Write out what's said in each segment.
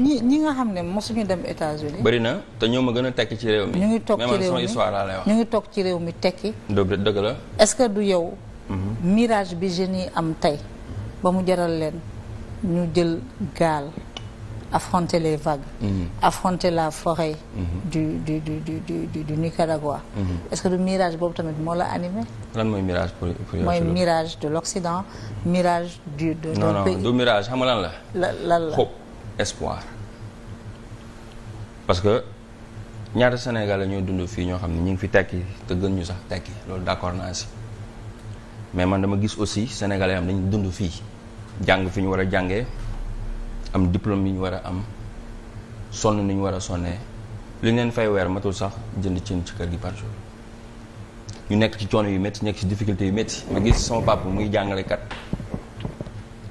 ñi ñi nga xam ne moo suñu dem États-Unis bëri na te ñoo ma gën a tekki ci réew mi. ñu ngi toog ci réew mi histoire laa ngi toog ci réew mi tekki. dëgg dëgg la. est-ce que du yow. Mhm. mirage bi jeunes yi am tey ba mu jaral leen ñu jël gaal affronter les vagues. Mhm. affronter la forêt. Mhm. du du du du du du Nicaragua. est que du mirage boobu tamit moo la animé. lan mooy mirage pour pour mirage de l'Occident du. mirage xam la. la la. espoir parce que ñaata Sénégalais ñoo dund fii ñoo xam ne ñu ngi fi tekki te gën ñu sax tekki loolu d'accord naa si mais man dama gis aussi Sénégalais am dañu dund fii jàng fi ñu war a jàngee am diplôme yi ñu war a am sonn ni ñu war a sonnee li ñu leen fay weer matul sax jënd cin ci kër gi par jour ñu nekk ci coono yu métti nekk ci difficulté yu métti ma gis sama papa muy jàngalekat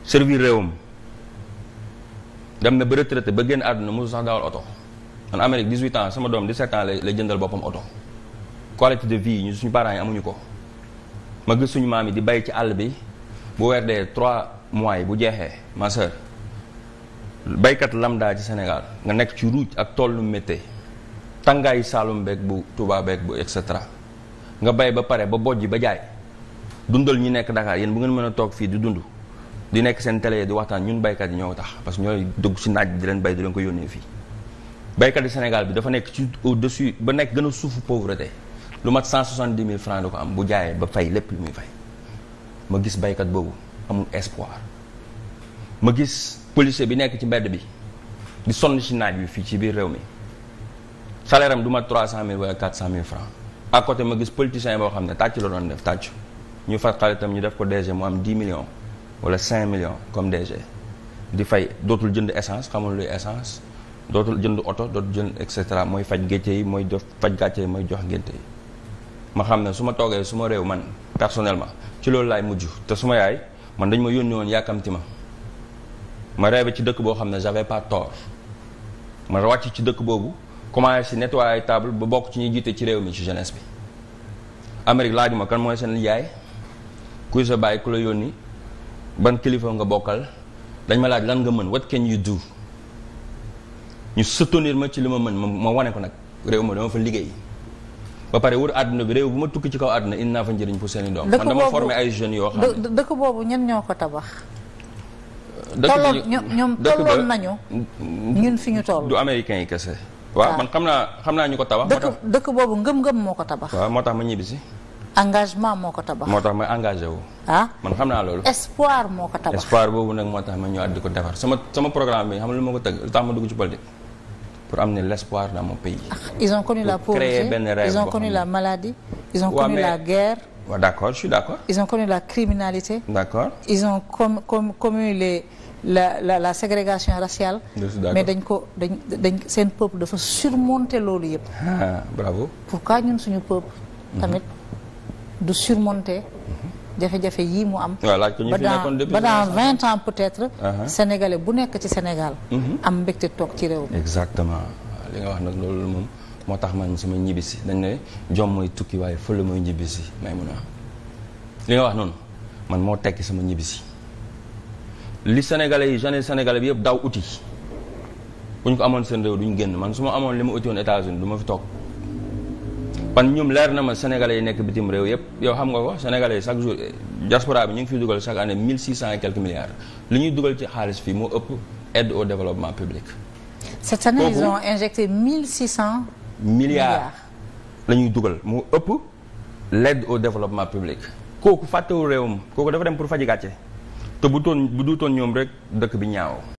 servir réewam. dem na ba retraité ba génn àdduna mosu sax daawal oto man Amérique 18 ans sama doom 17 ans lay jëndal boppam oto qualité de vie ñu suñu parents yi amuñu ko ma gis suñu maam yi di bay ci àll bi bu weer dee 3 mois bu jeexee ma sœur baykat lambda ci Sénégal nga nekk ci ruuj ak tool lu méttee tàngaayu Saalum beeg bu Touba beeg bu et nga bay ba pare ba bojj ba jaay dundal ñu nekk Dakar yéen bu ngeen mën a toog fii di dund di nekk seen télé di waxtaan ñun baykat yi ñoo tax parce que ñooy dugg si naaj di leen bay di leen ko yónnee fii baykat Sénégal bi dafa nekk ci au dessus ba nekk gën a suufu pauvreté lu mat cent soixante di mille francs da ko am bu jaayee ba fay lépp lu muy fay ma gis baykat boobu amul espoir ma gis policier bi nekk ci mbedd bi di sonn si naaj bi fii ci biir réew mi salaire am du mat trois cent mille wala quatre cent mille francs à côté ma gis politicien boo xam ne tàcc la doon def tàcc ñu fat xale tam ñu def ko DG mu am dix millions wala cinq millions comme DG di fay dootul jënd essence xamul luy essence dootul jënd oto dootul jënd et cetera mooy faj gécce mooy jox faj gàcce yi mooy jox ngénte yi ma xam ne su ma toogee su ma réew man personnellement ci loolu laay mujj te su ma yaay man dañ ma yónni woon yàkkamti ma ma reebe ci dëkk boo xam ne j'avais pas tort ma wàcc ci dëkk boobu commencé si nettoyer table ba bokk ci ñuy jiite ci réew mi ci jeunesse bi Amérique laaj ma kan mooy seen yaay kuy sa bàyyi ku la yónni ban kilifa nga bokkal dañ ma laaj lan nga mën what can you do ñu soutenir ma ci li ma mën ma wane ko nag réew ma dama fa liggéey ba pare wër àdduna bi réew bu ma tukki ci kaw àdduna indi naa fa njëriñ pour seen i doom man dama formé ay jeunes yoo xam ne dëkk boobu ñan ñoo ko tabax tolloon ñoom tolloon nañu ñun fi ñu toll du américain yi kese waaw ah. man xam naa xam naa ñu ko tabax dëkk boobu ngëm-ngëm moo ko tabax waaw moo tax ma ñibbisi engagement moo ko tabax. moo tax ma engagé ah man xam naa loolu. espoir moo ko tabax espoir boobu nag moo tax ma ñëwaat di ko defar sama sama programme bi xam nga lu ma ko tëgg lu tax ma dugg ci politique pour amener l' espoir dans mon pays. Ah, ils ont connu pour la pauvreté ils ont connu la maladie. ils ont ouais, connu mais... la guerre. waaw ouais, d' accord je suis d' accord. loolu yëpp. ah bravo. ñun suñu peuple. Mhm. tamit. du surmonter jafe-jafe yii mu am. voilà ba dans ba dans vingt ans peut-être. Uh-huh. sénégalais bu nekk ci Sénégal. Mhm. am mbégte toog ci réew exactement li wax nag loolu moom moo tax man su ma ñibbisi dañ ne jom mooy tukki waaye fële mooy ñibbisi may mun a li nga wax noonu man moo tekki sama ñibbisi li sénégalais yi jeunesse sénégalais bi yëpp daw uti bu ñu ko amoon seen réew duñ génn man su ma amoon li ma uti woon États-Unis du ma fi toog. man ñoom leer na ma sénégalais yi nekk bitim réew yëpp yow xam nga ko sénégalais yi chaque jour eh, diaspora bi ñu ngi fi dugal chaque année mille six cent et milliards li ñuy dugal ci xaalis fii moo ëpp aide au développement public. cette année ils ont injecté mille cent. milliards la ñuy dugal moo ëpp l'aide au développement public. kooku fàttewul réewam kooku dafa dem pour faji te bu toon bu du toon ñoom rek dëkk bi ñaaw.